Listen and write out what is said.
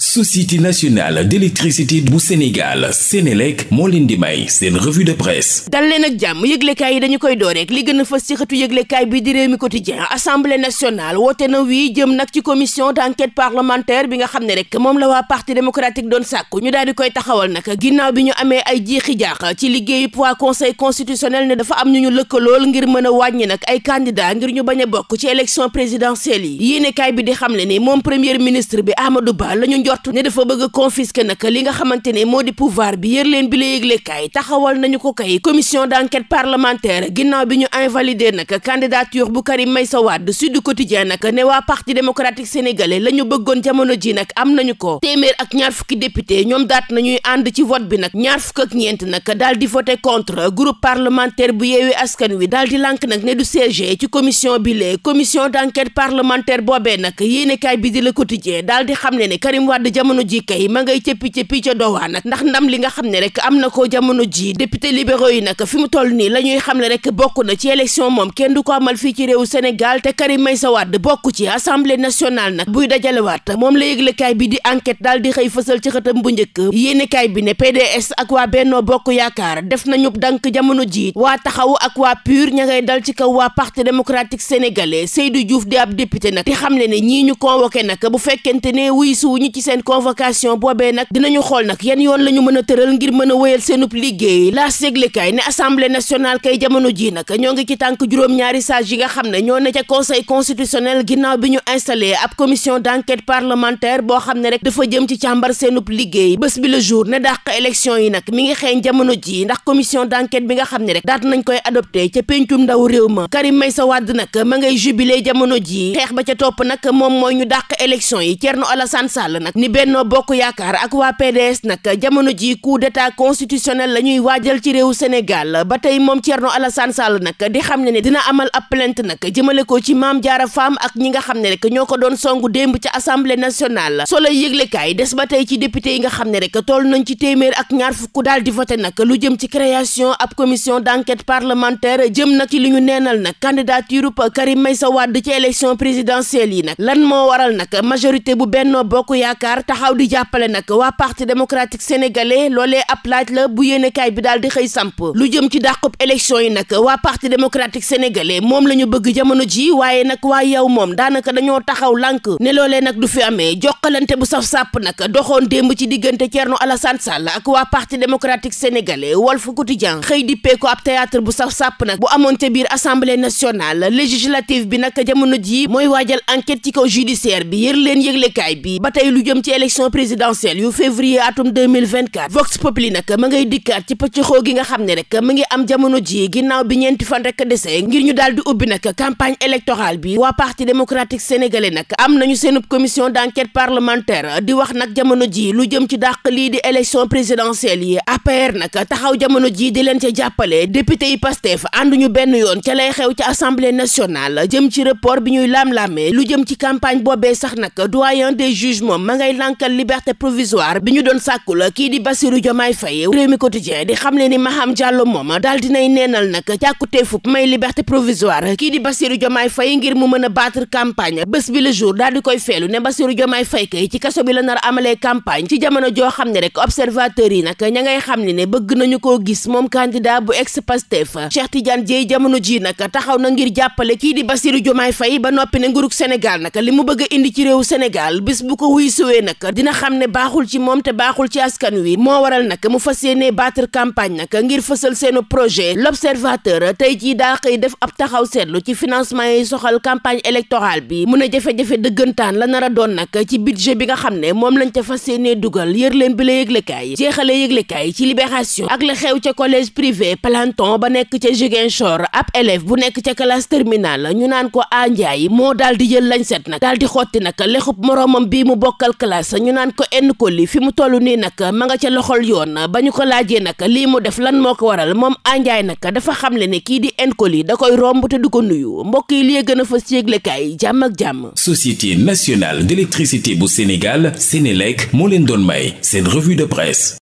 société nationale d'électricité bu Sénégal Sénélec moo leen di may seen revue de presse dal leen ak jàmm yëglekaay yi dañu koy door rek li gën a fës ci xëtu yëglekaay bi di Rewmi Quotidien assemblée nationale woote na wii jëm nag ci commission d'enquête parlementaire bi nga xam ne rek moom la waa parti démocratique doon sàkku ñu daal di koy taxawal nag ginnaaw bi ñu amee ay jiixi jaax ci liggéeyu waa conseil constitutionnel ne dafa am ñu ñu lëkkalool ngir mën a wàññi nag ay candidat ngir ñu bañ a bokk ci élection présidentielle yi yéenekaay bi di xamle ni moom premier ministre bi Amadou njort ne dafa bëgg a confisquer li nga xamante ne moo di pouvoir bi yër bi la yëgle taxawal nañu ko kay commission d'enquête parlementaire ginnaaw bi ñu invalider nag candidature bu Karim Meïssa Wade Sud Quotidien nag ne waa parti démocratique sénégalais la bëggoon jamono ji nag am nañu ko téeméer ak ñaar fukki député ñoom daat nañuy ànd ci vote bi nag ñaar fukk ak ñeent nag daal di voté contre groupe parlementaire bu yeewee askan wi daal di lànk nag ne du siège ci bi lee commission d'enquête Wade jamono ji kay ma ngay cëppi yi nag fi mu toll nii la xam ne rek bokk na ci élection moom kenn du ko amal fii ci réewu Sénégal te Karim Meïssa Wade bokk ci assemblée nationale nag buy dajalewaat moom la yëglekaay bi di enquête daal di xëy fësal ci xëtam bu njëkk yéenekaay bi ne PDS ak waa Benno Bokk Yaakaar def nañu dank jamono ji waa taxaw ak waa PUR ña ngay dal ci kaw waa parti démocratique sénégalais Seydou Diouf di ab député nag di xam ne ne ñu convoqué nag ci seen convocation boobee nag dinañu xool nag yan yoon la mën a tëral ngir mën a wéyal seenub liggéey laas yëglekaay ne assemblée nationale kay jamono ji nag ñoo ngi yi nga xam ne ñoo ne ca conseil constitutionnel ginnaaw bi ñu installé ab commission d'enquête parlementaire boo xam ne rek dafa jëm ci càmbar seenub liggéey le jour yi nag mi ngi xeeñ jamono ji ndax commission d'enquête bi nga xam ne rek daat nañ koy adopté ca péncum ndaw réew ma Karim Meïssa Wade nag ma ngay jubilé jamono ji xeex ba ca topp nag moom mooy ñu dàq élection yi Thierno Alassane Sall nag ni Benno Bokk Yaakaar ak waa PDS nag jamono ji coup d'état constitutionnel la ñuy waajal ci réew Sénégal ba tey moom Thierno Alassane Sall nag di xam ne ne dina amal ab plainte nag jëmale ko ci maam Diarra Fam ak ñi nga xam ne rek ñoo ko doon songu démb ci assemblée nationale solo yëglekaay des ba tey ci député yi nga xam ne rek tool nañ ci téeméer ak ñaar fukk daal di voté nag lu jëm ci création ab commission d'enquête parlementaire jëm na ci li ñu neenal nag candidature Karim Meïssa Wade ci élection présidentielle yi nag lan moo waral nag majorité bu Benno Bokk Yaakaar yaakaar taxaw di jàppale nag waa parti démocratique sénégalais loolee ab laaj la bu yéenekaay bi daal di xëy samp lu jëm ci dàqu élection yi nag waa parti démocratique sénégalais moom la ñu bëgg jamono ji waaye nag waa yow moom daanaka dañoo taxaw lànk ne loolee nag du fi amee jokkalante bu saf sàpp nag doxoon démb ci diggante Thierno Alassane Sall ak waa parti démocratique sénégalais Walf Quotidien xëy dippee ko ab théâtre bu saf sàpp nag bu amoon te biir assemblée nationale législative bi nag jamono ji mooy waajal enquête ci kaw judiciaire bi yër leen bi jëm ci élection présidentielle yu février atum 2024 Vox Populi nag ma ngay dikkaat ci pëccëxoo gi nga xam ne rek mu ngi am jamono ji ginnaaw bi ñeenti fan rek desee ngir ñu daal di ubbi nag campagne électorale bi waa parti démocratique sénégalais nag am nañu seenub commission d'enquête parlementaire di wax nag jamono ji lu jëm ci dàq lii di élection présidentielle yi APR nag taxaw jamono ji di leen ca jàppale député yi Pastef ànduñu benn yoon ca lay xew ci bi ñuy laam-laamee lu jëm ci campagne boobee sax nag ngay lànkal liberté provisoire bi ñu doon sàkkul kii di Bassirou Diomaye Faye réew mi quotidien di xam le ni Maham Diallo moom daal dinay neenal nag càkkutee fub may liberté provisoire kii di Bassirou Diomaye fay ngir mu mën a battre campagne bés bi la jour daal di koy feelu ne Bassirou Diomaye Faye kay ci kaso bi la nar amalee campagne ci jamono joo xam ne rek observateur yi nag ña ngay xam ne ne bëgg nañu koo gis moom candidat bu ex Pastef Cheikh Tidiane Dièye jamono ji nag taxaw na ngir jàppale kii di Bassirou Diomaye fay ba noppi ne nguurug Sénégal nag li mu bëgg indi ci réew Sénégal ñëwee nag dina xam ne baaxul ci moom te baaxul ci askan wi moo waral nag mu fas yéenee battre campagne nag ngir fësal seenu projet l'observateur tey jii daa xëy def ab taxaw seetlu ci financement yi soxal campagne électorale bi mu ne jafe-jafe dëggantaan la nar a doon nag ci budget bi nga xam ne moom lañ ca fas yéenee dugal yër leen bi la yëglekaay jeexale yëglekaay ci libération ak la xew ca collège privé Planton ba nekk ca Ziguinchor ab élève bu nekk ca classe terminale ñu naan ko Andiaye moo daal di jël lañ classe ñu naan ko enn ko li fi mu toll nii nag ma nga ca loxol yoon ba ñu ko laajee nag lii mu def lan moo ko waral moom anjaay nag dafa xam xamle ne kii di enn ko li da koy romb te du ko nuyu mbokk yi li gën a fës yéeglekaay jàmm ak jàmm. Société nationale d'électricité bu Sénégal Sénélec moo leen doon may seen revue de presse.